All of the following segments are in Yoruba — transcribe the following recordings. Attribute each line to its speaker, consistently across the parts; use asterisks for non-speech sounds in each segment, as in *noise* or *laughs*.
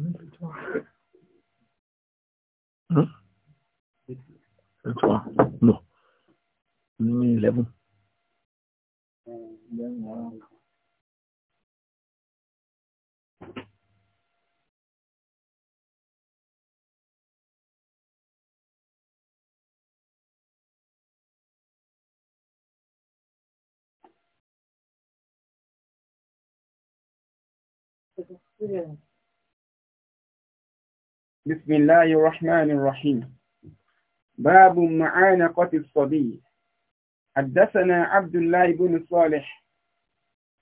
Speaker 1: Trois. Yeah. بسم الله الرحمن الرحيم باب معانقة الصبي حدثنا عبد الله بن صالح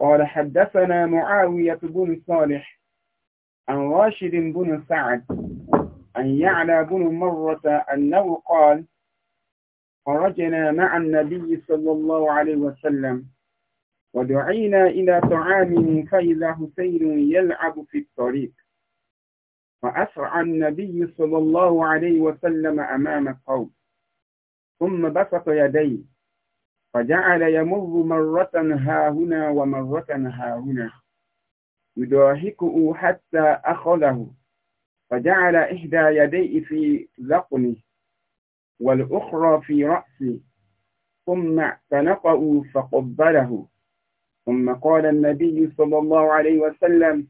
Speaker 1: قال حدثنا معاوية بن صالح عن راشد بن سعد عن يعلى بن مرة أنه قال خرجنا مع النبي صلى الله عليه وسلم ودعينا إلى طعام فإذا حسين يلعب في الطريق فأسرع النبي صلى الله عليه وسلم أمام القوم ثم بسط يديه فجعل يمر مرة ها هنا ومرة ها هنا يضاهكه حتى أخذه فجعل إحدى يديه في ذقنه والأخرى في رأسه ثم اعتنقه فقبله ثم قال النبي صلى الله عليه وسلم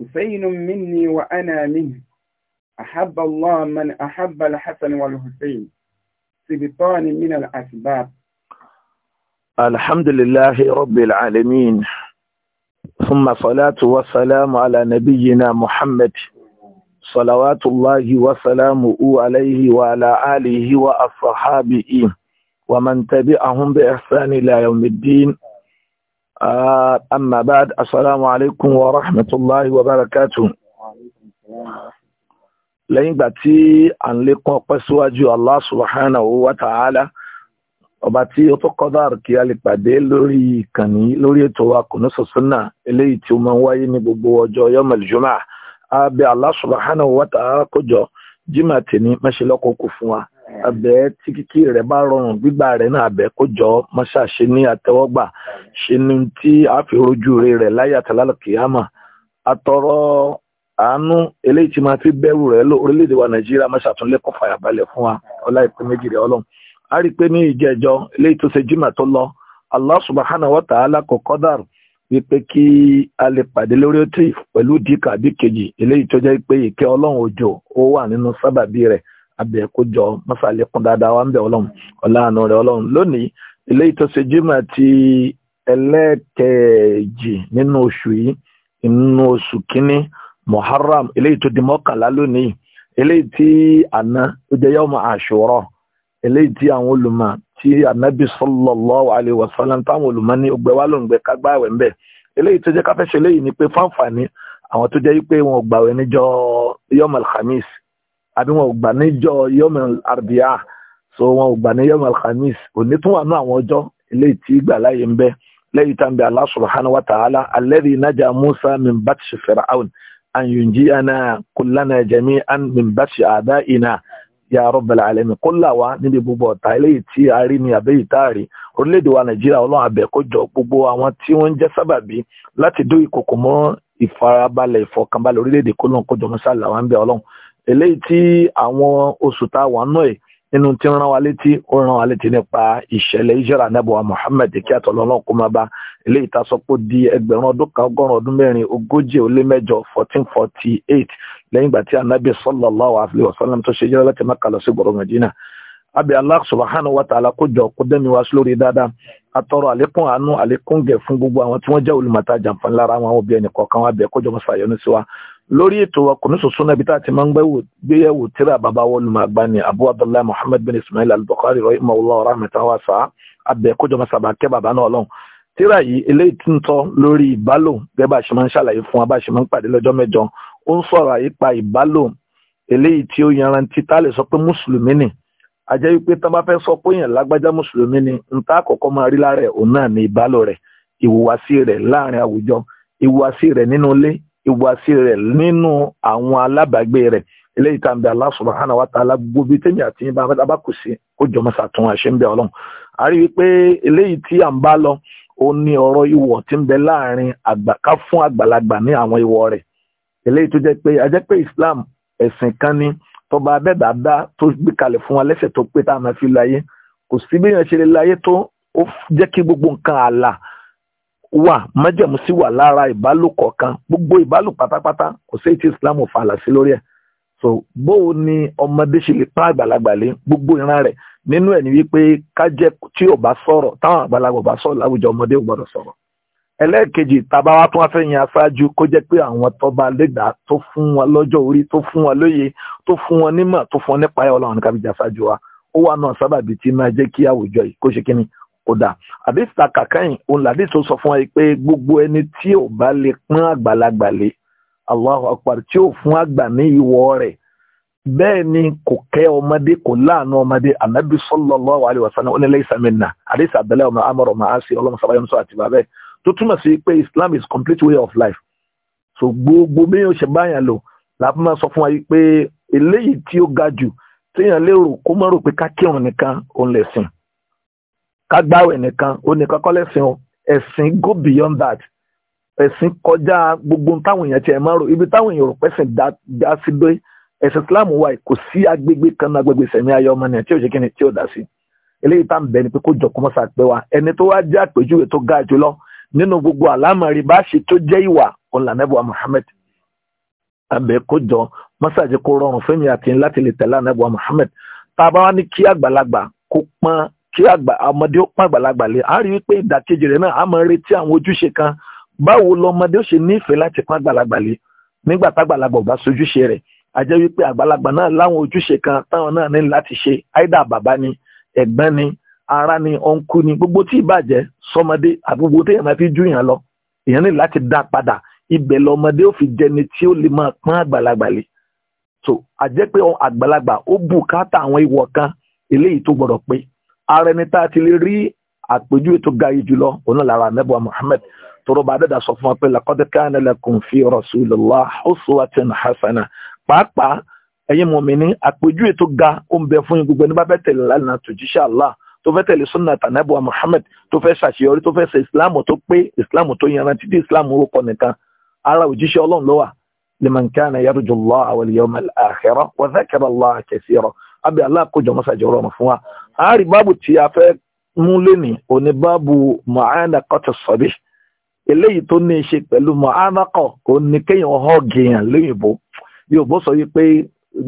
Speaker 1: حسين مني وأنا منه أحب الله من أحب الحسن والحسين سبطان من الأسباب
Speaker 2: الحمد لله رب العالمين ثم صلاة وسلام على نبينا محمد صلوات الله وسلامه عليه وعلى آله وأصحابه ومن تبعهم بإحسان إلى يوم الدين أما بعد السلام عليكم ورحمة الله وبركاته lẹ́yìn ìgbà tí a ń lékún ọpẹ́ síwájú Allah subhanahu wa ta'ala ọba tí ó tó kọ́dàr kí a lè pàdé lórí ìkànnì lórí ètò wa Kunus Sunnah eléyìí tí ó máa ń wáyé ní gbogbo ọjọ́ yọmọ ìjọmọ́ a bẹ̀ Allah subhanahu wa ta'ala kójọ jimá tèmi mẹ́ṣẹ́lọ́kọ̀ọ́kọ̀ fún wa abẹ́ tí kíkí rẹ̀ bá rọrùn gbígbà rẹ̀ náà abẹ́ kó jọ mọ́ṣá ṣe ní àtẹ́wọ́gbà ṣe ní tí a fi rojú rẹ̀ láyé àtàlálẹ̀ kìámà àtọ̀rọ̀ àánú eléyìí tí fi bẹ́rù rẹ̀ lọ orílẹ̀-èdè wa nàìjíríà fún wa ọlá ìpè méjì eléyìí tó ṣe jimá lọ allah wa ta'ala kò abẹ́ kó jọ mọ́sálẹ̀ kún dáadáa wa ń bẹ̀ ọlọ́run ọ̀làánú rẹ̀ ọlọ́run lónìí ilé ìtọ́sẹ̀ jimá ti ẹlẹ́ẹ̀kẹ́ẹ̀jì nínú oṣù yìí nínú oṣù kínní muharram ilé ìtọ́ di mọ́kànlá lónìí ilé tí àná ó jẹ́ yọ́mọ àṣùrọ̀ ilé tí àwọn olùmọ̀ tí ànábì sallallahu alaihi wasallam táwọn olùmọ̀ ní ọgbẹ́ wa ló ń gbẹ kágbá ẹ̀wẹ̀ ń bẹ̀ ilé tó jẹ́ káfẹ́ṣe lẹ́yìn ni pé fáǹfààní àwọn tó jẹ́ pé wọn ò gbàwẹ̀ níjọ́ alhamis àbí wọn ò gbà níjọ yọmọ àrùbíà so wọn ò gbà ní yọmọ alhamis òní tún wà ní àwọn ọjọ́ eléyìí tí gbà láyé ń bẹ lẹ́yìn tá n bẹ Allah subhanahu wa ta'ala alladhi naja Musa min batshi fir'aun an yunjiyana kullana jami'an min batshi a'da'ina ya rabbal alamin kó là wá níbi gbogbo ọ̀tá eléyìí tí a rí ni àbẹ́ ìtaàrí orílẹ̀-èdè wa nàìjíríà ọlọ́run àbẹ̀ gbogbo àwọn tí wọ́n ń jẹ́ sábàbí láti dó ìkòkò mọ́ ìfarabalẹ̀ ìfọkànbalẹ̀ orílẹ̀-èdè kó lọ́n ń bẹ ọlọ́run eléyìí tí àwọn oṣù tá a wà nù ẹ̀ nínú tí ń rán wa létí ó rán wa létí nípa ìṣẹ̀lẹ̀ ìṣẹ̀rà nẹ́bùwà Muhammad kí àtọ̀lọ́lọ́ kó máa bá eléyìí tá a sọ pé di ẹgbẹ̀rún ọdún kan ọgọ́rùn ọdún mẹ́rin ogójì ó lé mẹ́jọ fourteen forty eight lẹ́yìn ìgbà tí anabi sallallahu alaihi wasallam tó ṣe jẹ́rẹ́ láti Mẹ́kà lọ sí gbọ̀rọ̀ Mẹ́dínà abi allah subhanahu wa ta'ala kó jọ kó dẹ́mi wá sí lórí dáadáa atọ́rọ àlékún àánú àlékún gẹ̀ fún gbogbo àwọn tí wọ́n jẹ́ olùmọ̀ta jàǹfààní lára àwọn òbí ẹnì kọ̀ọ̀kan wá bẹ̀ kójọ́ mọ́sá yọ́nú sí wa lórí ètò ọkùnrin sọ̀sọ́ náà ibi tá a ti máa ń gbéyẹ̀wò tíra bàbá wọlùmọ̀ àgbà ni abu Abdullah muhammad bin ismail al-bukhari rahimahullah rahmatan wa sa abẹ kójọ́ mọ́sá bá kẹ́ bàbá náà lọ́hùn tíra yìí eléyìí tí ń tọ́ lórí ìbálò gẹ́gẹ́ bá a ṣe máa ń ṣàlàyé fún wa bá a ṣe máa ń pàdé lọ́jọ́ mẹ́jọ ó ń sọ̀rọ̀ àyípa ìbálò eléyìí tí ó yanrantí tá a lè sọ pé mùsùlùmí nì àjẹ́ wípé tán bá fẹ́ sọ pé èèyàn lágbájá mùsùlùmí ni n ta àkọ́kọ́ máa rí lára ẹ̀ òun náà ni ìbálò rẹ̀ ìhùwàsí rẹ̀ láàrin àwùjọ ìhùwàsí rẹ̀ nínú ilé ìhùwàsí rẹ̀ nínú àwọn alábàágbé rẹ̀ eléyìí tá à ń bẹ Allah subhanahu wa ta'ala gbogbo bíi tèmi àti yín bá bá kù sí kó jọmọ sàtún àṣẹ ń bẹ ọlọ́run a rí i pé eléyìí tí à ń bá lọ ó ní ọ̀rọ̀ ìwọ̀ tí ń bẹ láàrin ká fún àgbàlagbà ní àwọn ìwọ̀ rẹ̀ eléyìí tó jẹ́ pé a jẹ́ pé Islam ẹ̀sìn kan ni tọba abẹ́dà dá tó gbé kalẹ̀ fún wa lẹ́sẹ̀ tó pé tá a máa fi láyé kò sí bí èèyàn ṣe lè láyé tó ó jẹ́ kí gbogbo nǹkan àlà wà májẹ̀mú sí wà lára ìbálò kọ̀ọ̀kan gbogbo ìbálò pátápátá kò sí ètí Islam ò fàlà sí lórí ẹ̀ so bóun ni ọmọdé ṣe lè pán àgbàlagbà lé gbogbo ìran rẹ̀ nínú ẹ̀ ni wípé ká jẹ́ tí ò bá sọ̀rọ̀ táwọn àgbàlagbà bá sọ̀rọ̀ láwùjọ ọmọdé ò gbọ́dọ̀ sọ̀rọ̀ ẹlẹ́ẹ̀kejì tàbá wa tún wá fẹ́ yan aṣáájú kó jẹ́ pé àwọn tọ́ba lẹ́gbàá tó fún wọn lọ́jọ́ orí tó fún wọn lóye tó fún wọn nímọ̀ tó fún wọn nípa ẹ̀ ọlọ́run ká fi jẹ́ aṣáájú wa ó wà náà sábàbí tí máa jẹ́ kí àwùjọ yìí kó ṣe kí ni kó dà àdìsá kàkẹ́yìn òun làdí tó sọ fún wa pé gbogbo ẹni tí ò bá lè pọ́n àgbàlagbà lé Allahu akbar tí ò fún àgbà ní ìwọ rẹ̀ bẹ́ẹ̀ ni kò kẹ́ ọmọdé kò láàánú ọmọdé anabi sallallahu alaihi wasallam ó ní laysa minna àdìsá abẹ́lẹ́ ọmọ amọ̀rọ̀ máa ṣe ọlọ́run sábàyọ̀ sọ àtìbá tó túmọ̀ sí pé Islam is complete way of life so gbogbo béèyàn ṣe báyàn lò làbí máa sọ fún wa pé eléyìí tí ó ga jù téèyàn lérò kó má rò pé ká kírun nìkan òun lẹ̀sìn ká gbáwẹ̀ nìkan òun nìkan kọ́ lẹ̀sìn o ẹ̀sìn go beyond that ẹ̀sìn kọjá gbogbo táwọn èèyàn tiẹ̀ máa rò ibi táwọn èèyàn rò pẹ́sìn dá sí dé ẹ̀sìn Islam wa kò sí agbègbè kan náà agbègbè sẹ̀mí ayé ọmọ nìyẹn tí ò ṣe kí ni tí ò dá sí eléyìí tá à bẹ ni pé kó jọ kó mọ́ sàpẹ́ wa ẹni tó wá jẹ́ àpèjúwe tó ga jùlọ nínú gbogbo àlámọ̀rí bá ṣe tó jẹ́ ìwà ọ̀lànàbọ̀ Muhammad abẹ kó jọ mọ́sàájì kó rọrùn fẹ́mi àti láti lè tẹ̀lé ànábọ̀ Muhammad tá a bá wá ní kí àgbàlagbà kó pọ́n kí ọmọdé ó pọ́n àgbàlagbà lé a rí i pé ìdàkejì rẹ̀ náà a máa ń retí àwọn ojúṣe kan báwo lọmọdé ó ṣe nífẹ̀ẹ́ láti pọ́n àgbàlagbà lé nígbà tágbàlagbà ò bá sojúṣe rẹ̀ a jẹ́ wípé àgbàlagbà náà láwọn ojúṣe kan táwọn náà ní láti ṣe áìdá bàbá ni ẹ̀gbọ́n ni ara ni ọ̀nkú ni gbogbo tí ìbàjẹ́ sọmọdé àgbogbo tí èèyàn máa fi júyàn lọ èèyàn ní láti dá padà ibẹ̀ lọmọdé ò fi jẹni tí ó lè máa pọ́n àgbàlagbà lé so àjẹ́ pé àgbàlagbà ó bùkátà àwọn ìwọ̀ kan eléyìí tó gbọ́dọ̀ pé ara ẹni tá a ti lè rí àpèjúwe tó ga yìí jùlọ òun náà lára anábọ̀ Muhammad tọrọ bá dẹ́dà sọ fún wa pé laqad kana lakum fi rasulillah uswatun hasana pàápàá ẹ̀yin mọ̀mí ní àpèjúwe tó ga ó ń bẹ fún yín gbogbo ẹni bá bẹ́ tẹ̀lé lánàá tó jíṣẹ́ Allah tó fẹ́ tẹ̀lé sunna tanabu muhammed tó fẹ́ ṣàṣeyọrí tó fẹ́ ṣe islam tó pé islam tó yanrantí tí islam ó kọ nìkan ara òjíṣẹ́ ọlọ́run ló wà liman kana yarju Allah wal yawm al akhirah wa dhakara Allah kaseera abi Allah kó jọmọ́ sàjọrọ̀ ọ̀nà fún wa. àárí báàbù tí a fẹ́ mú lẹ́nì òní báàbù mu'anaqat as-sabi eléyìí tó ní í ṣe pẹ̀lú mu'anaqa òní kéèyàn họ́ gèèyàn lóyìnbó yóò bó sọ yìí pé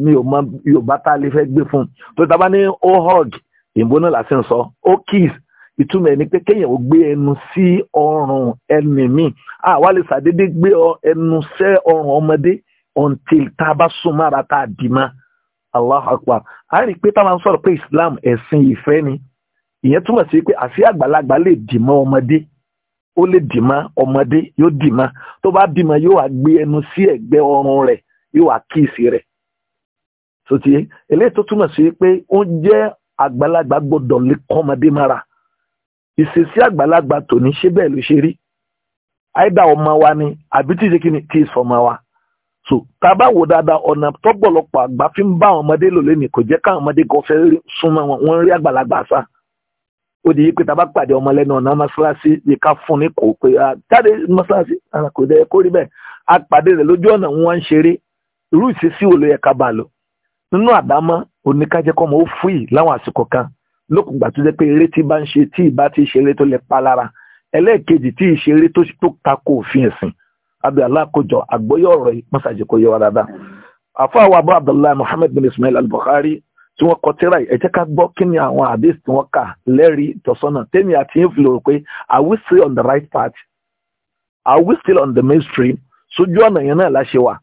Speaker 2: mi ò mọ yorùbá lè fẹ́ gbé fún un tó tábà ní ó hug ìbò náà láti ń sọ ó kiss ìtumọ̀ ẹni pé kéèyàn ò gbé ẹnu sí ọrùn ẹni míì àwa lè ṣàdédé gbé ẹnu sẹ́ ọrùn ọmọdé until tá a bá súnmọ́ tá a dì mọ́ Allahu Akbar a rí i pé táwọn sọ̀rọ̀ pé Islam ẹ̀sìn ìfẹ́ ni ìyẹn túmọ̀ sí pé àṣì àgbàlagbà lè dì mọ́ ọmọdé ó lè dì mọ́ ọmọdé yóò dì mọ́ tó bá dì mọ́ yóò wá gbé ẹnu sí ẹ̀gbẹ́ ọrùn rẹ̀ yóò wá kíìsì rẹ̀ sotí eléyìí tó túmọ̀ sí pé ó jẹ́ àgbàlagbà gbọ́dọ̀ lè kọ́mọdé mara ìṣesí àgbàlagbà tòní ṣé bẹ́ẹ̀ ló ṣe rí àìdá ọmọ wa ni àbí tí ìṣe kíni tí ìsọmọ wa so tá a bá wò dáadáa ọ̀nà tọ́pọ̀lọpọ̀ àgbà fi ń bá àwọn ọmọdé lò lẹ́nìí kò jẹ́ káwọn ọmọdé kan fẹ́ súnmọ́ wọn wọ́n ń rí àgbàlagbà sá ó di yí pé tá a bá pàdé ọmọ lẹ́nu ọ̀nà mọ́ṣáláṣí yìí ká fún ní kò pé jáde mọ́ṣáláṣí kò dẹ̀ kó rí bẹ́ẹ̀ a pàdé rẹ̀ lójú ọ̀nà wọn ń ṣeré irú ìṣesí wo ló yẹ ká bá lò nínú àdámọ́ oníkájẹ́kọ́ mọ́ ó fúyì láwọn àsìkò kan lókùngbà tó jẹ́ pé eré tí bá ń ṣe tí ìbá ti ṣeré tó lè pa lára ẹlẹ́ẹ̀kejì tí ìṣeré tó tako òfin ẹ̀sìn abẹ́ alákòjọ àgbọ́yọ̀ ọ̀rọ̀ yìí mọ́sàájì kò yẹ wa dáadáa. àfọ àwọn abu abdullahi muhammed bin ismail al-bukhari tí wọ́n kọ tíra yìí ẹ jẹ́ ká gbọ́ kí ni àwọn hadith tí wọ́n kà lẹ́rìí tọ́sọ́nà tẹ́mi àti yín pé are we still on the right path are we still on the mainstream sójú ọ̀nà yẹn náà láṣẹ wà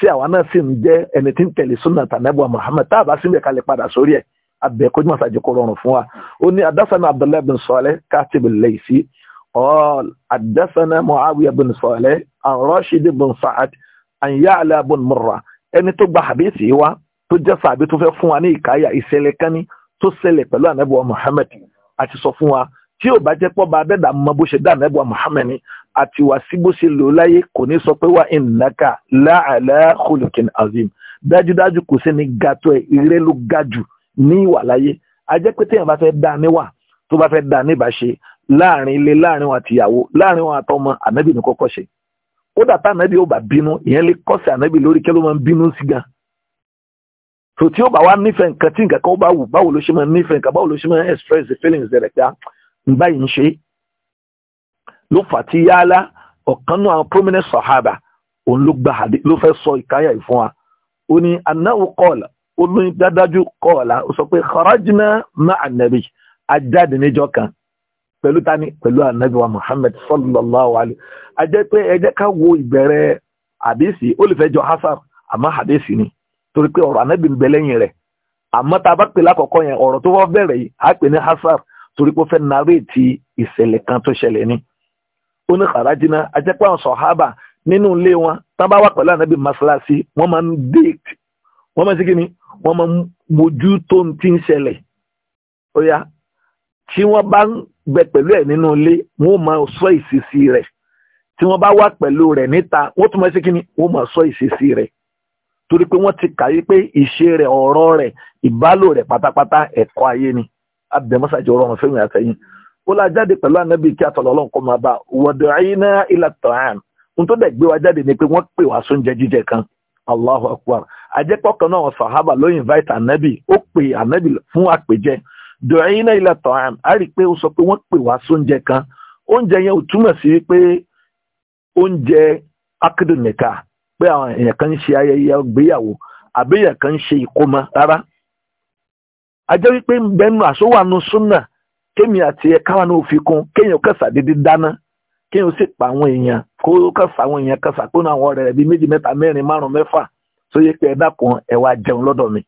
Speaker 2: tí àwa náà sì ń jẹ́ ẹni tí ń tẹ̀lé súnà tànẹ́bù Muhammad tá a bá síbẹ̀ kalẹ̀ padà sórí ẹ̀ abẹ́ kójú màsá jẹ́ kó rọrùn fún wa ó ní adásánà Abdullahi bin Saleh kátìbù lẹ́yìísí ọ̀l adásánà Muawiya bin Saleh Rashid bin Sa'ad Ya'la bin Murra ẹni tó gba àbíyèsí wa tó jẹ́ sàbí tó fẹ́ fún wa ní ìkáyà ìṣẹ̀lẹ̀ kání tó ṣẹlẹ̀ pẹ̀lú ànẹ́bù Muhammad àti sọ fún wa tí ò bá jẹ́ pọ́ bá abẹ́dà mọ bó ṣe dá ànẹ́bù Muhammad ni àti wà sí bó ṣe lò láyé kò ní sọ pé wà ìnáka láàlá khuluqin azim dájúdájú kò sẹ́ni gàtọ̀ ẹ̀ ìrẹ́ ló ga jù ní ìwà láyé ajẹ́ pé téèyàn bá fẹ́ dá níwà tó bá fẹ́ dá níbàṣe láàrin ilé láàrin wọn àtìyàwó láàrin wọn àtọmọ ànábì ní kọ́kọ́ ṣe kódà tá ànábì ó bá bínú ìyẹn lè kọ́sẹ̀ ànábì lórí kí ló máa ń bínú sí gan tò tí ó bá wá nífẹ̀ẹ́ nǹkan tí nǹkan kan ó bá wù báwo ló ṣe máa nífẹ̀ẹ́ nǹkan báwo ló ṣe máa express the feelings rẹ̀ pé à ah, ń báyìí ń ṣe é ló fà tí yálà ọ̀kan náà prominent sahaba òun ló gba hadith ló fẹ́ sọ ìkáyà yìí fún wa ó ní anáwó kọ́ọ̀lá ó ní dádájú kọ́ọ̀lá ó sọ pé kharajna ma'a nabi ajáde níjọ́ kan pẹ̀lú tani pẹ̀lú anabi wa muhammed sallallahu alayhi a jẹ́ pé ẹ ká wo ìbẹ̀rẹ̀ hadisi ó lè fẹ́ jọ hasar àmọ́ hadisi ni torí pé ọ̀rọ̀ anabi ń bẹ lẹ́yìn rẹ̀ àmọ́ tá bá pè lákọ̀ọ́kọ́ yẹn ọ̀rọ̀ tó fọ́ bẹ̀rẹ̀ yìí á pè ní hasar torí pé ó fẹ́ narrate ìṣẹ̀lẹ̀ kan tó ṣẹlẹ̀ ni ó ní kàràjìnà ajẹ́pẹ́ àwọn sọ̀hábà nínú ilé wọn tán bá wà pẹ̀lú ànábì masalasi wọ́n máa ń déètì wọ́n máa ń sígi ni wọ́n máa ń mójú tó ń ti ń ṣẹlẹ̀ ó yá tí wọ́n bá ń bẹ pẹ̀lú ẹ̀ nínú ilé wọ́n máa sọ ìṣesí rẹ̀ tí wọ́n bá wà pẹ̀lú rẹ̀ níta wọ́n tún máa sígi ni máa sọ ìṣesí rẹ̀ torí pé wọ́n ti kàyé pé ìṣe rẹ̀ ọ̀rọ̀ rẹ̀ ìbálò rẹ̀ pátápátá ẹ̀kọ́ ayé ni abẹ́mọ́sàjọ́ ọ̀rọ̀ ọ̀rọ̀ fẹ́mi àtẹ̀yìn o la jáde pẹ̀lú anabi kí àtọ̀lọ́ ọlọ́run kọ́ máa bá wọ̀dọ̀ àyínà ilẹ̀ tọ̀hán n tó dẹ̀ wa jáde ni pé wọ́n pè wá sóúnjẹ jíjẹ kan allahu akbar àjẹpọ̀ kan náà sàhábà ló invite anabi ó pè fún àpèjẹ a rí i pé sọ pé wọ́n pè wá kan oúnjẹ yẹn ò túmọ̀ sí pé oúnjẹ pé àwọn èèyàn kan ń ṣe ayẹyẹ kémi àti ẹ̀ka wọn náà fi kún kéèyàn kẹsà dídí dáná kéèyàn sì pa àwọn èèyàn kó kẹsà àwọn èèyàn kẹsà kó náà àwọn ọ̀rẹ́ rẹ̀ bíi méjì mẹ́ta mẹ́rin márùn mẹ́fà tó yẹ pé ẹ dákun ẹ jẹun lọ́dọ̀ mi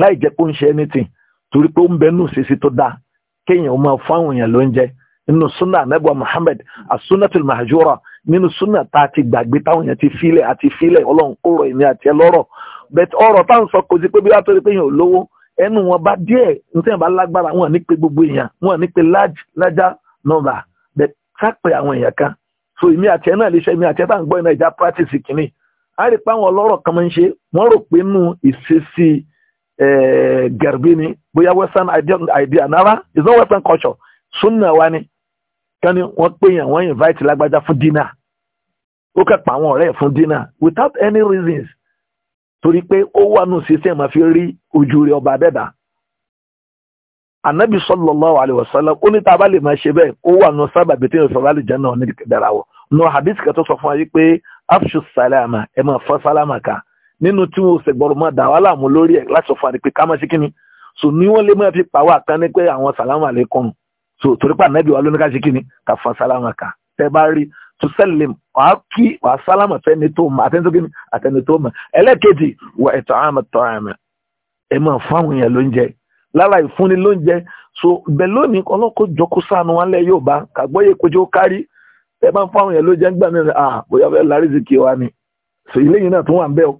Speaker 2: láì jẹ́ kó ń ṣe anything torí pé ó ń bẹ nù sísí tó dáa kéèyàn ó máa fún àwọn èèyàn lóúnjẹ nínú sunna anabiwa Muhammad asunatul mahajura nínú sunna tá a ti gbàgbé táwọn èèyàn ti filẹ̀ àti filẹ̀ Ọlọ́run kó rọ èmi àti ẹ lọ́rọ̀ bẹ́ẹ̀ táwọn sọ kò sí pé bí wàá torí pé èèyàn ò lówó ẹnu wọn bá díẹ̀ nítorí bá lágbára wọn ní pé gbogbo èèyàn wọn ní pé large larger number but sápẹ àwọn èèyàn kan so èmi àti ẹ náà lè ṣe èmi àti ẹ bá ń gbọ́ iná ìjà practice kìíní a rí pé àwọn ọlọ́rọ̀ kan máa ń ṣe wọ́n rò pé nù ìṣesí gẹ̀rbí ni bóyá western idea nara is not western culture sunna wa ni kan ni wọ́n pè yàn wọ́n invite lágbájá fún dinner ó kẹ́ pa àwọn ọ̀rẹ́ fún dinner without any reasons torí pé ó wà nù sísẹ́ máa fi rí ojú rẹ ọba abẹ́dà anabi sallallahu alaihi wasallam ó ní tá a bá lè máa ṣe bẹ́ẹ̀ ó wà nù sábàbí tí yóò sọ̀rọ̀ àlùjá náà ní dára wọ̀ nù hadith kan sọ fún wa yìí pé afṣu salama ẹ máa fọ́ salama ká nínú tí wọn ò sẹ̀gbọ́rọ̀ máa dà wá láàmú lórí ẹ̀ láti sọ fún wa pé ká máa ṣe kíni so ní wọ́n lè máa fi pàwọ́ àkán ní pé àwọn salama alaikum so torí pé anabi wa ló ní tusallim wàá kí wàá sálámù àtẹni tó mọ àtẹni tó kíni àtẹni tó mọ ẹlẹ́kejì wà ẹ̀tọ́ àmì tọ́ àmì ẹ̀ máa fáwọn èèyàn lóúnjẹ lára ìfúnni lóúnjẹ so bẹ́ẹ̀ lónìí ọlọ́kọ̀ jọkú sànù wọn lẹ́ yóò bá kàgbọ́yé kojú kárí ẹ máa fáwọn èèyàn lóúnjẹ gbà mí ah bóyá fẹ́ lárí zikí wa ni so ilé yìí náà tún wà ń bẹ́ o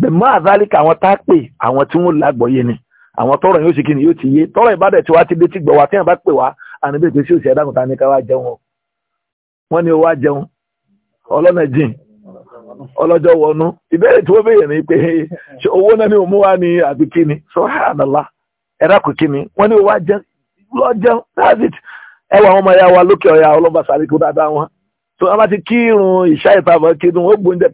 Speaker 2: bẹ́ẹ̀ máa dálíkà àwọn tá a pè àwọn tí wọ́n lágbọ́yé ni àwọn tọrọ yóò ṣe kí ni yóò ti yé tọrọ ìbàdàn tí ti dé tí gbọ̀ wá tí wọ́n bá pè wá àníbẹ̀ pé sí òsì ẹ̀dá wọ́n ní ó wá jẹun ọlọ́nà jìn ọlọ́jọ́ wọnú ìbéèrè tí wọ́n béèrè ní pé owó náà ni ò mú wá ní àbí kíni subhanallah ẹ̀rá kò kíni wọ́n ní jẹun lọ jẹun that's it ẹwà ya wa lókè ọ̀yà ọlọ́ba sàríkú dáadáa wọn so a máa ti kírun ìṣá ìtàbọ̀ kírun ó gbóúnjẹ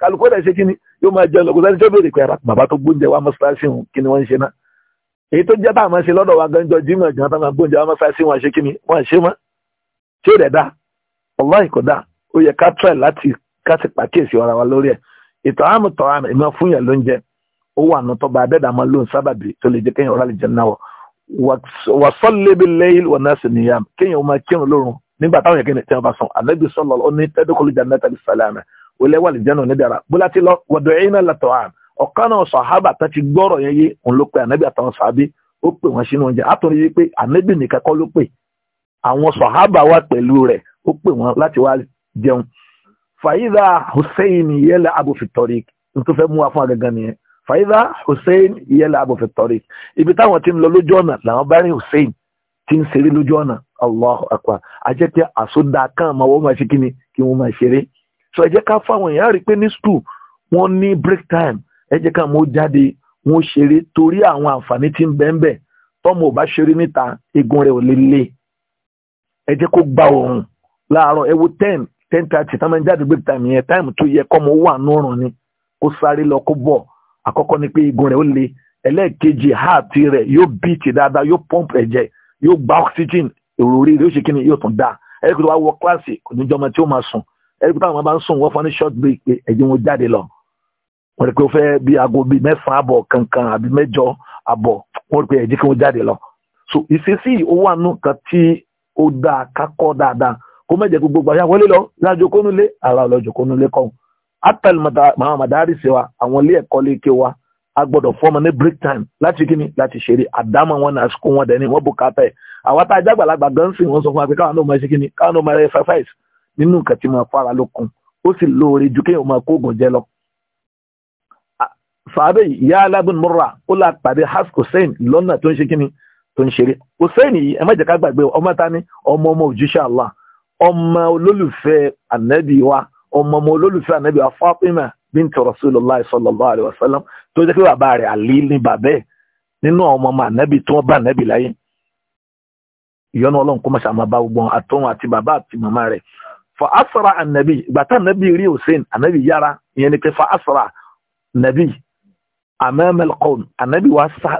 Speaker 2: kálukú ṣe kíni yóò máa jẹun lọ́kùnrin tó pé bàbá tó gbóúnjẹ wa mọ́ṣáláṣí wọ́n ń ṣe ọláyìn kódà ó yẹ ká try láti ká sì pàkíyèsí ara wa lórí ẹ̀ ètò àmì tọ́ àmì ìmọ̀ fún yẹn ló ń jẹ ó wà nù tọ́ba abẹ́dàmọ́ ló ń sábàbí tó lè jẹ́ kéèyàn ọ̀rá lè jẹ náà wà sọ́lé bí lẹ́yìn wọ̀n náà sì nìyàm kéèyàn máa kírun lórun nígbà táwọn yẹn kéèyàn bá sùn ànábì sọ́lọ́ ọ ní tẹ́dọ́kọ́lù jannata bí sàlámà wọlé wà lè náà níbi ara bólá ti lọ wọ̀dọ̀ ẹ̀yìn náà látọ̀ àm ọ̀kan náà sàhábà tá ti gbọ́rọ̀ yẹn yé òun ló pe ànábì àtàwọn sàábì ó pè wọ́n sínú oúnjẹ àtúndì yìí pé ànábì nìkan kọ́ ló pè àwọn sàhábà wà pẹ̀lú rẹ̀ ó pè wọ́n láti wá jẹun fàyíza hussein yẹlẹ abofitorik n tó fẹ́ mú wa fún agangan nìyẹn fàyíza hussein yẹlẹ abofitorik ibi táwọn ti ń lọ lójú ọ̀nà làwọn bá rí hussein ti ń ṣeré lójú ọ̀nà allahu akbar a jẹ́ pé àsódà kan máa wọ́n máa ṣe kí ni kí wọ́n máa ṣeré so ẹ jẹ́ ká fáwọn èèyàn rí i pé ní school wọ́n ní break time ẹ jẹ́ ká mọ́ jáde wọ́n ṣeré torí àwọn àǹfààní tí ń bẹ́ẹ̀ bẹ́ẹ̀ tọ́mọ ò bá ṣeré níta egun rẹ̀ ò lè le ẹ jẹ́ kó gba òun láàárọ̀ ẹ wo ten ten thirty tá máa ń jáde break time yẹn time tó yẹ kọ́mọ wà nùrùn ni kó sáré lọ kó bọ̀ àkọ́kọ́ ni pé igun rẹ̀ ó le ẹlẹ́ẹ̀kejì heart rẹ̀ yóò beat dáadáa yóò pump ẹ̀jẹ̀ yóò gba oxygen èrò orí yóò ṣe kí ni yóò tún dáa ẹ̀ríkì tó wọ kíláàsì oníjọba tí ó máa sùn ẹ̀ríkì táwọn máa ń sùn wọ́n fún ní short break pé ẹ̀jẹ̀ wọn jáde lọ wọ́n rí pé ó fẹ́ bí aago bíi mẹ́sàn-án àbọ̀ kankan àbí mẹ́jọ àbọ̀ wọ́n rí pé ẹ̀jẹ̀ kí wọ́n jáde lọ so ìṣesí ó wà nù kan tí ó dáa kákọ́ dáadáa kó mẹ́jẹ̀ gbogbo gbàyà wọlé lọ lájò kónúlé ara ọlọ́jọ́ kónúlé kọ́ atal màá màdárì sí wa àwọn ilé ẹ̀kọ́ lè ké wa a gbọ́dọ̀ fọ́mọ ní break time láti kíni láti ṣeré àdámọ̀ wọn ní àsìkò wọn dẹni wọn bùkátà ẹ̀ àwọn tá a jẹ́ àgbàlagbà gan sí wọn sọ fún wa pé káwọn náà máa ṣe kíni káwọn náà máa exercise nínú nǹkan tí máa fara lókun ó sì lóore ju kéèyàn máa kóògùn jẹ lọ. sàbẹ̀ ìyá alábùn murra ó la pàdé has hussein lọ́nà tó ń ṣe kíni tó ń ṣeré hussein yìí ẹ má jẹ́ ká gbàgbé ọmọ ta ni ọmọ ọmọ òjíṣẹ́ allah ọmọ olólùfẹ́ ànábì wa ọmọ ọmọ olólùfẹ́ ànábì wa Fatima bint Rasulullah sallallahu alaihi wasallam tó jẹ́ pé bàbá rẹ̀ àlí ní bàbá ẹ̀ nínú ọmọ ọmọ ànábì tí wọ́n bá ànábì láyé ìyọ́nú ọlọ́run kó mọ̀ṣá máa bá gbogbo àtọ́hún àti bàbá àti màmá rẹ̀ fa asra ànábì ìgbà tá ànábì rí Hussein ànábì yára ìyẹn ni pé fa asra ànábì amama alqawm ànábì wa sa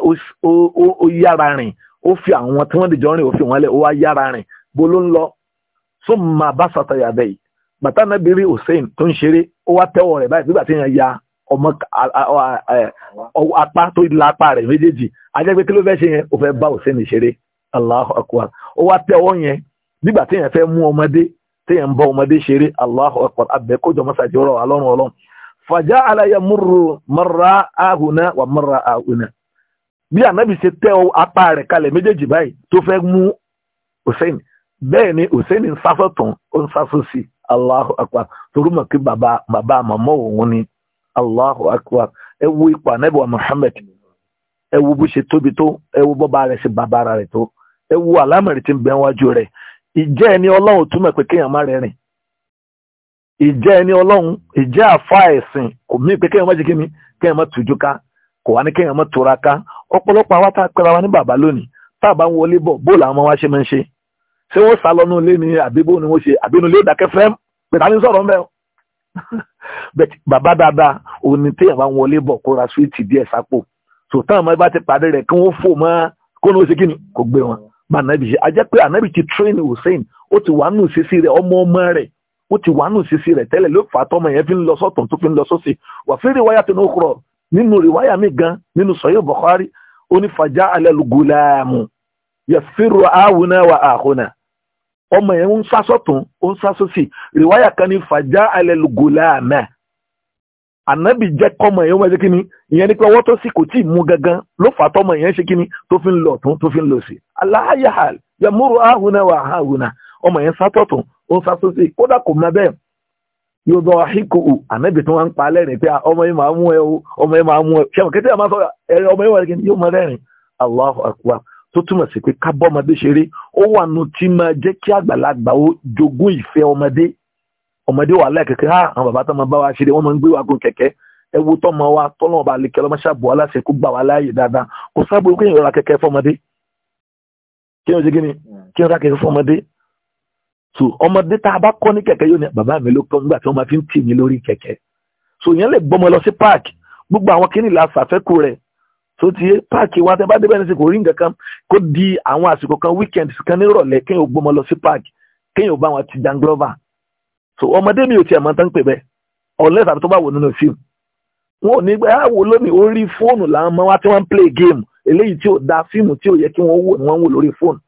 Speaker 2: ó yára rìn ó fi àwọn tí wọ́n dìjọ́ rìn ó fi wọ́n lẹ̀ ó wá yára rìn bó ló ń lọ summa basata yadayhi bàtà nàbí rí hussein tó ń ṣeré ó wá tẹ́wọ́ rẹ̀ báyìí nígbà tí èèyàn ya ọmọ apá tó la apá rẹ̀ méjèèjì ajẹ́ pé kí ló fẹ́ ṣe yẹn ó fẹ́ bá hussein ṣeré allahu akbar ó wá tẹ́wọ́ yẹn nígbà tí èèyàn fẹ́ mú ọmọdé tí èèyàn ń bá ọmọdé ṣeré allahu akbar abẹ́kọ́jọ mọ́sàájú rọ̀ alọ́run ọlọ́run fàjá àlàyé múrò mọ́ra ahùnà wà mọ́ra ahùnà bí ànábì ṣe tẹ́ apá rẹ̀ kalẹ̀ méjèèjì báyìí tó fẹ́ mú hussein bẹ́ẹ̀ ni hussein ń sáfọ́ ó ń sáfọ́ sí allahu akbar torí bàbá bàbá màmá ni allahu akwa ewu wo ipò wa muhammed ewu bó ṣe tóbi tó ẹ wo bọ́ba rẹ̀ ṣe bàbá ara rẹ̀ tó ẹ wo bẹ wájú ìjẹ́ ẹni ọlọ́run túmọ̀ pé kéèyàn má rẹ̀ rìn ìjẹ́ ẹni ọlọ́run ìjẹ́ àfa ẹ̀sìn kò mí pé kéèyàn má jẹ́ kí kéèyàn má ká wa ṣé wọ́n sá lọ́nà ilé ni àbíbó ni wọ́n ṣe àbínú ilé ìdákẹ́ fẹ́ pẹ̀tà ní sọ̀rọ̀ mẹ́rin *laughs* bàbá dáadáa òun ni téèyàn bá ń wọlé bọ̀ kóra súwìtì díẹ̀ sápò sòtán àmọ́ bá ti pàdé rẹ̀ kí wọ́n fò mọ́ kó ní ó ṣe kò gbé wọn bá ànábì ṣe ajẹ́ pé ànábì ti train Hussein ó ti wàánù sísí rẹ̀ ọmọ ọmọ rẹ̀ ó ti wàánù sísí rẹ̀ tẹ́lẹ̀ ló fà á tọ́mọ yẹn fi ń lọ sọ́tún tó fi ń lọ sósì wàfíì rìwáyà tó ní ó kúrọ̀ nínú rìwáyà mi yẹ fírò áwùnà wà áhùnà ọmọ yẹn ń sá sọ́tún ó ń sá sósì rìwáyà kan ní fàjà alẹ́lugolàmẹ́ ànábì jẹ́ kọ́mọ yẹn wọ́n ṣe kí ni ìyẹn ni pé ọwọ́ tó sì kò tí ì mú gangan ló fà tọ́mọ yẹn ṣe kí ni tó fi ń lọ tún tó fi ń lọ sí aláyàhàl yamuru ahuna wa ahuna ọmọ yẹn sá tọ̀tún ó ń sá sósì kódà kò mọ bẹ́ẹ̀ yóò bá wa híkò ànábì tí wọ́n ń pa lẹ́rìn pé ọmọ yẹn máa mú ẹ tó túmọ̀ sí pé ká bọ́mọdé ṣeré ó wà nù tí máa jẹ́ kí àgbàlagbà ó jogún ìfẹ́ ọmọdé ọmọdé wà láìkẹ́kẹ́ á àwọn bàbá tó máa bá wa ṣeré wọ́n máa ń gbé wa gun kẹ̀kẹ́ ẹ wo tọ́mọ wa tọ́lọ́ ọba àlekẹ́ lọ́mọ ṣàbọ̀ aláṣẹ kó gbà wá láàyè dáadáa kò sábò kí èèyàn ra kẹ̀kẹ́ fọmọdé kí èèyàn ṣe ni kí èèyàn ra kẹ̀kẹ́ fọmọdé so ọmọdé tá a bá kọ́ ní kẹ̀kẹ́ yóò ní bàbá mi ló kọ́ nígbà tí wọ́n máa fi ń tì mí lórí kẹ̀kẹ́ so ìyẹn lè gbọ́mọ lọ sí páàkì gbogbo àwọn kíní la ṣàfẹ́kù rẹ̀ tó ti páàkì wa tẹ́ bá débẹ̀ nísìnyí kò rí nǹkan kan kó di àwọn àsìkò kan weekend kan nírọ̀lẹ́ kéèyàn ò gbọ́mọ lọ sí páàkì kéèyàn ò bá wọn ti jan glover so ọmọdé mi ò tiẹ̀ mọ̀ tán pè bẹ́ẹ̀ unless àbí tó bá wò nínú fíìmù wọn ò ní gbé àwò ah, lónìí orí fóònù làwọn ọmọ wa tí wọ́n ń play game eléyìí tí ò da fíìmù tí ò yẹ kí wọ́n wò ni wọ́n ń wò lórí fóònù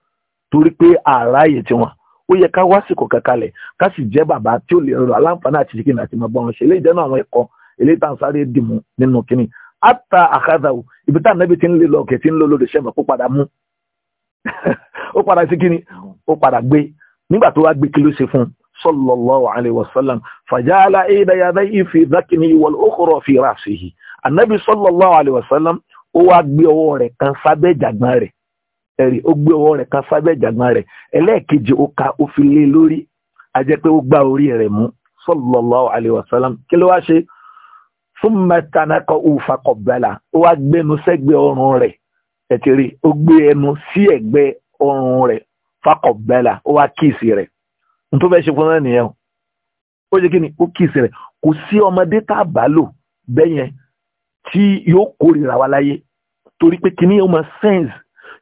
Speaker 2: torí pé àráyè tiwọn ó yẹ ká wásìkò kankanlẹ̀ ká sì jẹ́ bàbá tí ó lè rọ aláǹfààní àti chicken àti mọ̀ ṣe eléyìí jẹ́nu àwọn ẹ̀kọ́ eléyìí tá à ń sáré dìmú nínú kínní àtà àkàdàwò ibi táwọn nẹ́bí ti ń lè lọ kẹ̀ tí ń lọ lórí sẹ́mọ̀ kó padà mú ó padà sí kíni ó padà gbé nígbà tó wá gbé kí ló ṣe fún sallallahu alaihi wasallam fàjálà ìdáyàdá ìfì dákìní wal ukhra fi ra'sihi ànábì sallallahu alaihi wasallam ó wá gbé ọwọ́ rẹ̀ kan sábẹ́ ìjàgbọ́n rẹ̀ ẹ̀rí ó gbé ọwọ́ rẹ̀ kan sábẹ́ ìjàgbọ́n rẹ̀ ẹlẹ́ẹ̀kejì ó ka ó fi lé lórí a ó gbá orí rẹ̀ mú sallallahu alaihi wasallam kí ló wá ṣe fún mẹtanakọ òfakọbẹlà ó wá gbẹnu sẹgbẹ ọrùn rẹ̀ ẹtìrì ó gbé ẹnu sí ẹ̀gbẹ́ ọrùn rẹ̀ fakọbẹlà ó wá kíìsì rẹ̀ nítorí fẹ́ ṣe fún náà nìyẹn o ó jẹ́ kí ni ó kíìsì rẹ̀ kò sí ọmọdé tá a bá lò bẹ́yẹn tí yóò kórìíra wa láyé torí pé kíní yóò máa sense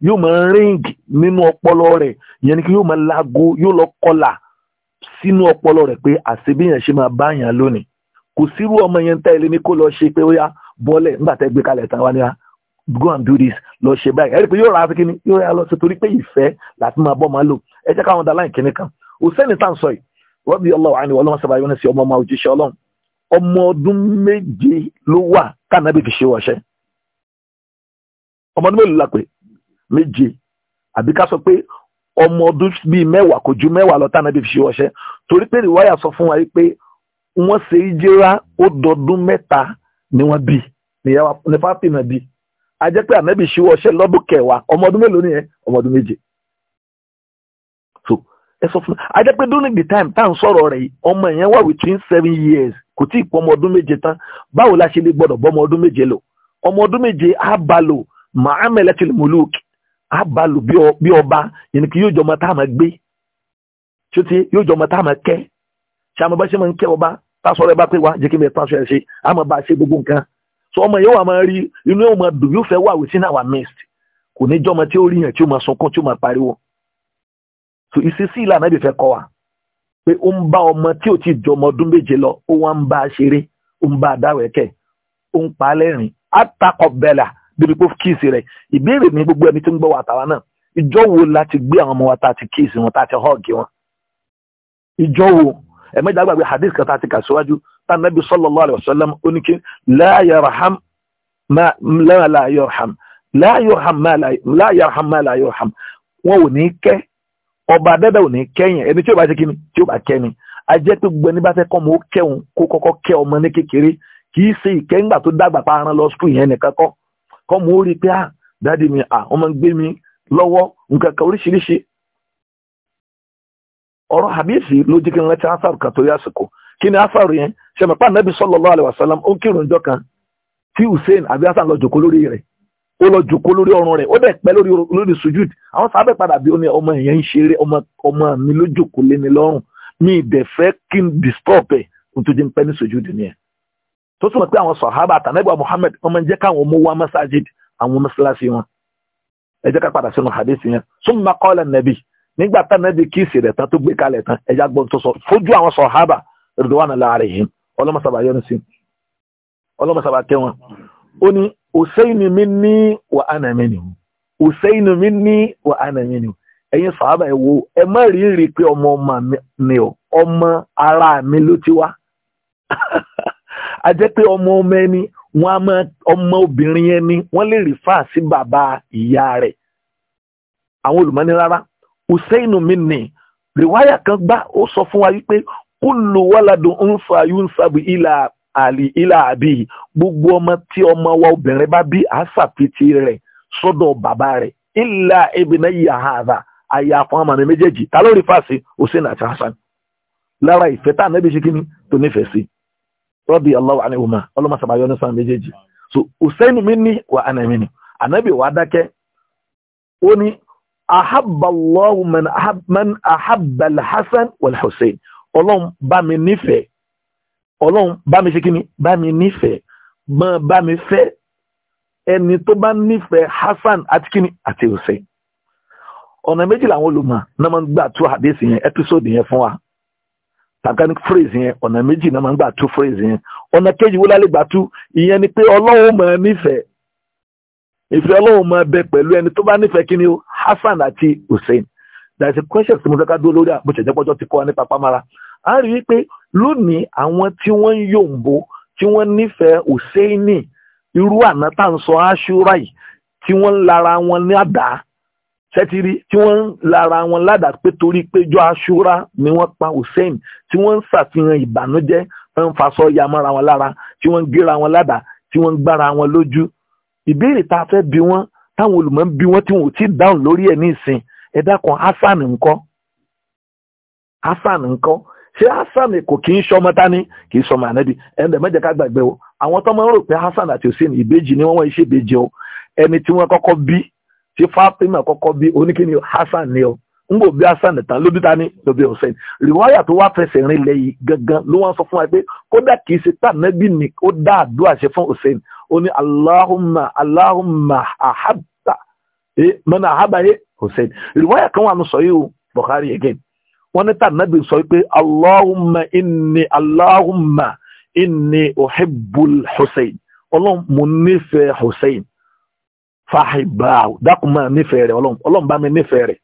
Speaker 2: yóò máa ring nínú ọpọlọ rẹ̀ ìyẹn ni kí yóò máa laago yóò lọ kọlà sínú ọpọlọ rẹ̀ pé àṣebíyàn ṣe máa bá yàn lónìí kò sírú ọmọ yẹn tẹ́ ilé ní kó lọ ṣe pé ó yá bọ́lẹ̀ nígbà tẹ́ gbé kalẹ̀ tán wá ní wa ah, go and do this lọ ṣe báyìí ẹ̀rí pé yóò ra afikini yóò yá lọ sí torí pé ìfẹ́ láti máa bọ́ máa lò ẹ jẹ́ káwọn dáláì kìnnì kan òsèǹdì tá à ń sọ yìí rọ́bì ọlọ́wà ni ọlọ́wọ́n sábà yọ́nà sí ọmọ ọmọ òjíṣẹ́ ọlọ́run ọmọ ọdún méje ló wà kánábì fi ṣe ọṣẹ ọmọ ọdún mélòó la pé méje àbí ká sọ pé ọmọ ọdún bíi mẹ́wàá kò ju mẹ́wàá lọ tánábì fi ṣe ọṣẹ torí pé rìwáyà sọ fún wa yìí pé wọ́n ṣe ìjírá ó dọdún mẹ́ta ni wọ́n bi nìyàwó ní Fátímà bi a jẹ́ pé ànábì ṣíwọ́ ọṣẹ́ lọ́dún kẹwàá ọmọ ọdún mélòó nìyẹn ọmọ ọdún méje so ẹ sọ fún mi a jẹ́ pé during the time tá à ń sọ̀rọ̀ ọmọ yẹn wà between seven years kò tí ì ọmọ ọdún méje tán ọmọ ọdún méje ọmọ ọdún méje á bá lò ọba yóò jọ ọmọ máa gbé ṣé ti yóò jọ ọmọ máa ṣé tásọ̀rọ̀ ẹ bá pè wá jẹ́ kí mi tásọ̀ ẹ ṣe a máa gbogbo nǹkan so ọmọ yóò wà máa rí inú yóò máa dùn yóò fẹ́ wà within our midst kò ní jọ́mọ tí ó rí yàn tí ó máa sunkún tí ó máa pariwo so ìṣesí ìlànà ìbí fẹ́ kọ́ wa pé ó ń bá ọmọ tí ò ti jọ ọmọ ọdún méje lọ ó wá ń bá a ṣeré ó ń bá a dáwẹ̀kẹ́ ó ń pa á lẹ́rìn àtàkọ̀ bẹ̀là débi pé kíìsì rẹ̀ ìbéèrè ní gbogbo ẹni tí ń gbọ́ wa tàwa náà ìjọ wo la ti gbé àwọn ọmọ wa ta ti kíìsì wọn ta ti họ́ọ̀gì wọn ìjọ wo ẹ̀mẹ́jà gbàgbé hadith kan tá a ti kà síwájú tá a nẹ́bi sallallahu alaihi wasallam ó ní kí la yarham ma la yarham la yarham ma la yarham wọn ò ní kẹ́ ọba dẹ́dẹ́ ò ní kẹ́yìn ẹni tí ó bá ṣe kí ni tí ó bá kẹ́ ni a jẹ́ pé gbogbo ẹni bá fẹ́ kọ́ ọmọ ó kẹ́hùn kó kọ́kọ́ kẹ́ ọmọ ní kékeré kì í ṣe ìkẹ́ ńgbà tó dàgbà pa aran lọ skul yẹn nìkan kọ́ kọ́ ọmọ ó rí pé ah dáàdi mi ah wọ́n gbé mi lọ́wọ́ nǹkan kan oríṣiríṣi ọ̀rọ̀ hadithi ló jẹ́ kí n rántí asaru kan torí àsìkò kí ni asaru yẹn sẹ̀mẹ̀pá nàbí sallallahu alaihi wasallam ó ń kírun jọ kan tí hussein àbí hasan lọ jòkó lórí rẹ̀ ó lọ jòkó lórí ọrùn rẹ̀ ó dẹ̀ pẹ́ lórí lórí sujud àwọn sábẹ́ padà bí ó ní ọmọ yẹn ń ṣeré ọmọ mi ló jòkó lé mi lọ́rùn mi ìdẹ̀ fẹ́ kí n disturb ẹ̀ n tó jẹ́ ń pẹ́ ní sujud nìyẹn tó túmọ̀ pé àwọn sọ̀hábà àtànẹ́gbà muhammed wọ́n máa káwọn ọmọ wa masajid àwọn mọ́sálásí wọn ẹ jẹ́ ká padà sínú hadith yẹn summa qala an nigbata nadi nàbí kíìsì rẹ̀ tán tó gbé kalẹ̀ tán ẹja gbọ́n tó sọ fojú àwọn sàhábà ridwan alaihim ọlọ́mọsàbà yọ́nú sí ọlọ́mọsàbà kẹ́ ó ní Usaini minni wa ana minhu Usaini minni wa ana minhu ẹ̀yin sàhábà ẹ̀ wo ẹ má rí rí pé ọmọ ọmọ mi ara mi ló ti wá *laughs* a jẹ́ ọmọ ọmọ ẹni ọmọ obìnrin wọ́n lè rí fáà sí bàbá ìyá rẹ̀ àwọn olùmọ́ni hùsẹ́ìnù mi nì rìwáyà kan gbá ó sọ fún wa wípé kúlù wàládùn ń fa yún sábì ilà àlì ilà àbí gbogbo ọmọ tí ọmọ wa obìnrin bá bí àṣàpìtì rẹ̀ sọ́dọ̀ bàbá rẹ̀ ilà ebìnrin yìí àhàdà àyà fún ọmọ mi méjèèjì ta ló rí fàṣẹ hùsẹ́ìnù àti hasan lára ìfẹ́ tá ànábì ṣe kíní tó nífẹ̀ẹ́ sí rọ́bì aláwọ̀ àníwòmá ọlọ́mọ sàbáyọ́ ní méjèèjì so hùsẹ́ìnù mi ní wà ànàmì ni ànábì wà dákẹ́ ó ní ahaballahu man من أحب wal hussein ọlọ́run bá mi nífẹ̀ẹ́ ọlọ́run bá mi ṣe kí ni bá mi nífẹ̀ẹ́ mọ́ bá mi fẹ́ ẹni tó bá nífẹ̀ẹ́ hasan àti kí ni àti hussein ọ̀nà méjì làwọn olùmọ̀ náà máa ń gbà tú àdéhìsì yẹn ẹ́písòdì yẹn fún wa tàbí phrase yẹn ọ̀nà méjì náà máa ń gbà tú phrase yẹn ọ̀nà kejì wo lálẹ́ gbà tú ìyẹn ni pé ọlọ́run máa nífẹ̀ẹ́ ìfẹ́ ọlọ́run máa bẹ pẹ̀lú ẹni tó bá nífẹ̀ẹ́ kí ni Hassan àti Hussein there is a question tí mo fẹ́ ká dúró lórí àbúṣe ìjẹ́pọ̀jọ́ ti kọ́ nípa pamara a rí i pé lónìí àwọn tí wọ́n ń yòǹbo tí wọ́n nífẹ̀ẹ́ Husseini irú àná tá à ń sọ aṣúra yìí tí wọ́n ń lara wọn ní àdá sẹ́tìrí tí wọ́n ń lara wọn ládàá pé torí péjọ aṣúra ni wọ́n pa Hussein tí wọ́n ń ṣàfihàn ìbànújẹ́ ń fasọ ya mọ́ra wọn lára tí wọ́n ń gera wọn ládàá tí wọ́n ń gbára wọn lójú ìbéèrè tá a fẹ́ bi wọ́n táwọn olùmọ̀ ń bí wọ́n tí wọ́n ti dáhùn lórí ẹ̀ ní ìsìn ẹ dákun hasan ńkọ́ hasan ńkọ́ ṣé hasan kò kí ń ṣọmọ tání kì í ṣọmọ ànábì ẹnlẹ mẹjẹ ká gbàgbé o àwọn tó máa ń rò pé hasan àti hussein ìbejì ni wọ́n wọ́n ṣe ìbejì o ẹni tí wọ́n kọ́kọ́ bí tí fatima kọ́kọ́ bí oníkíni hasan ni o ń bò bí hasan tán ló tání ló hussein rìwáyà tó wá fẹsẹ̀ rìn lẹ́yìn gangan ló wọ́n sọ fún wa pé kódà kì í ṣe tànàbì ni ó dá àdúrà ṣe fún hussein ó ní aláhùnmá aláhùnmá àhábà mọ́nà àhábà yé hussein ìrìwáyà kan wà ní sọ yìí bukhari again wọ́n ní tà nábì sọ pé aláhùnmá inni aláhùnmá inni òhìbùl hussein ọlọ́run mo nífẹ̀ẹ́ hussein fàhìbáwò dákun máa nífẹ̀ẹ́ rẹ̀ ọlọ́run ọlọ́run bá mi nífẹ̀ẹ́ rẹ̀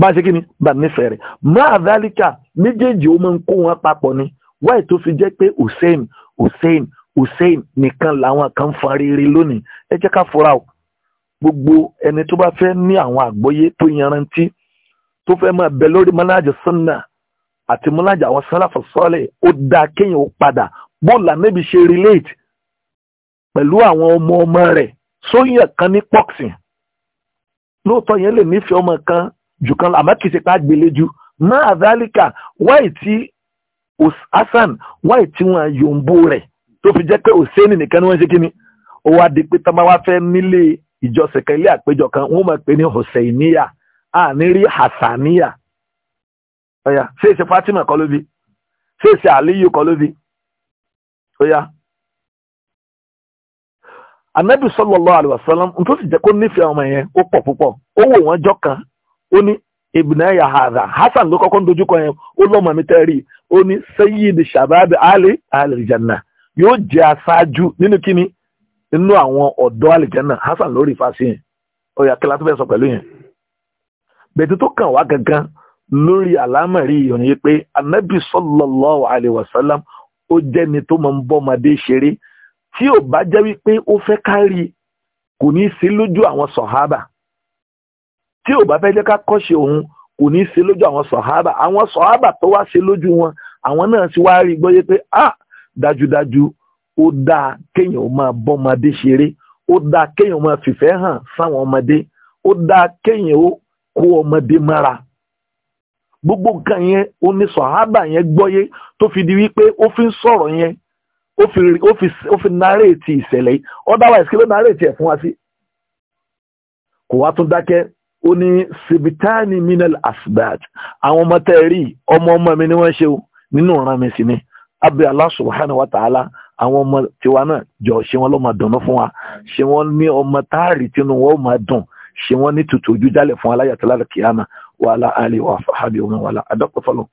Speaker 2: bá ṣe kí ni bá nífẹ̀ẹ́ rẹ̀ máa dálíkà méjèèjì ó máa ń kó wọn papọ̀ ni wáyé tó fi jẹ́ pé hussein hussein hussein nìkan làwọn kan ń fan rere lónìí ẹ jẹ́ ká fura o gbogbo ẹni tó bá fẹ́ ní àwọn àgbọ́yé tó yanrantí tó fẹ́ máa bẹ lórí mọ́nájà sunna àti mọ́nájà àwọn sálàfà sọ́ọ̀lẹ̀ ó dáa kéèyàn ó padà bóòlà níbi ṣe relate pẹ̀lú àwọn ọmọ ọmọ rẹ̀ sóyìn kan ní pọ́ksìn lóòótọ́ yẹn lè nífẹ̀ẹ́ ọmọ kan jù kan àmọ́ kìí ṣe pé àgbélẹ́jú máa dálíkà wáì tí Hassan wáì tí wọ́n yòǹbó rẹ̀ tó fi jẹ́ pé òsèǹnì nìkan ni wọ́n ṣe kíni ó wá di pé tọ́ba wá fẹ́ nílé ìjọsìn kan ilé àpéjọ kan wọ́n máa pè ní hosseiniya àní rí hasaniya ọ̀yà ṣèṣe Fatima kọ́ ló bí ṣèṣe Aliyu kọ́ ló bí ọ̀yà. anabi sallallahu alaihi wasallam tó sì jẹ́ kó nífẹ̀ẹ́ ọmọ yẹn ó pọ̀ púpọ̀ ó wò wọ́n jọ kan ó ní ibnaya hadha Hasan ló kọ́kọ́ ń dojúkọ yẹn ó lọ́mọ mi tẹ́ rí ó ní sayyid shabab ali alijanna. Al yóò jẹ́ aṣáájú nínú kíni nínú àwọn ọ̀dọ́ àlìjẹ́nà hasan lórí ìfàṣẹ yẹn ọ̀yà kí látúbẹ̀ sọ pẹ̀lú yẹn tó kàn wá gangan lórí àlámọ̀rí ìyọ̀n yìí pé anabi sallallahu alaihi wasallam ó ni tó máa ń bọ́ ọmọdé ṣeré tí ò bá jẹ́ wípé ó fẹ́ kárí kò ní í sí lójú àwọn sọ̀hábà tí ò bá fẹ́ jẹ́ ká kọ́ṣe òun kò ní í ṣe lójú àwọn sọ̀hábà àwọn sọ̀hábà tó wọn àwọn náà wá rí pé ah dájúdájú ó dáa kéèyàn máa bọ́mọdé ṣeré ó dáa kéèyàn máa fìfẹ́ hàn sáwọn ọmọdé ó dáa kéèyàn ó kó ọmọdé mára gbogbo nǹkan yẹn ó ní sọ̀hábà yẹn gbọ́yé tó fi di wípé ó fi ń sọ̀rọ̀ yẹn ó fi ó fi ó fi náréètì ìṣẹ̀lẹ̀ yìí otherwise kí ló náréètì ẹ̀ fún wa sí. kò wá tún dákẹ́ ó ní sibitani minel asbad àwọn ọmọ tẹ́ ẹ ọmọ ọmọ mi ni wọ́n ṣe o nínú ọ̀ràn mi sì ni abẹ́ Allah subhanahu wa ta'ala àwọn ọmọ tiwa náà jọ ṣe wọn lọ́mọ dùnú fún wa ṣe wọn ní ọmọ táàrí tínú wọn ó máa dùn ṣe wọn ní tutù ojú jálẹ̀ fún aláyàtọ̀ lálẹ́ kìíyàmà wàhálà àlè wà fàábì òun wàhálà àdọ́pọ̀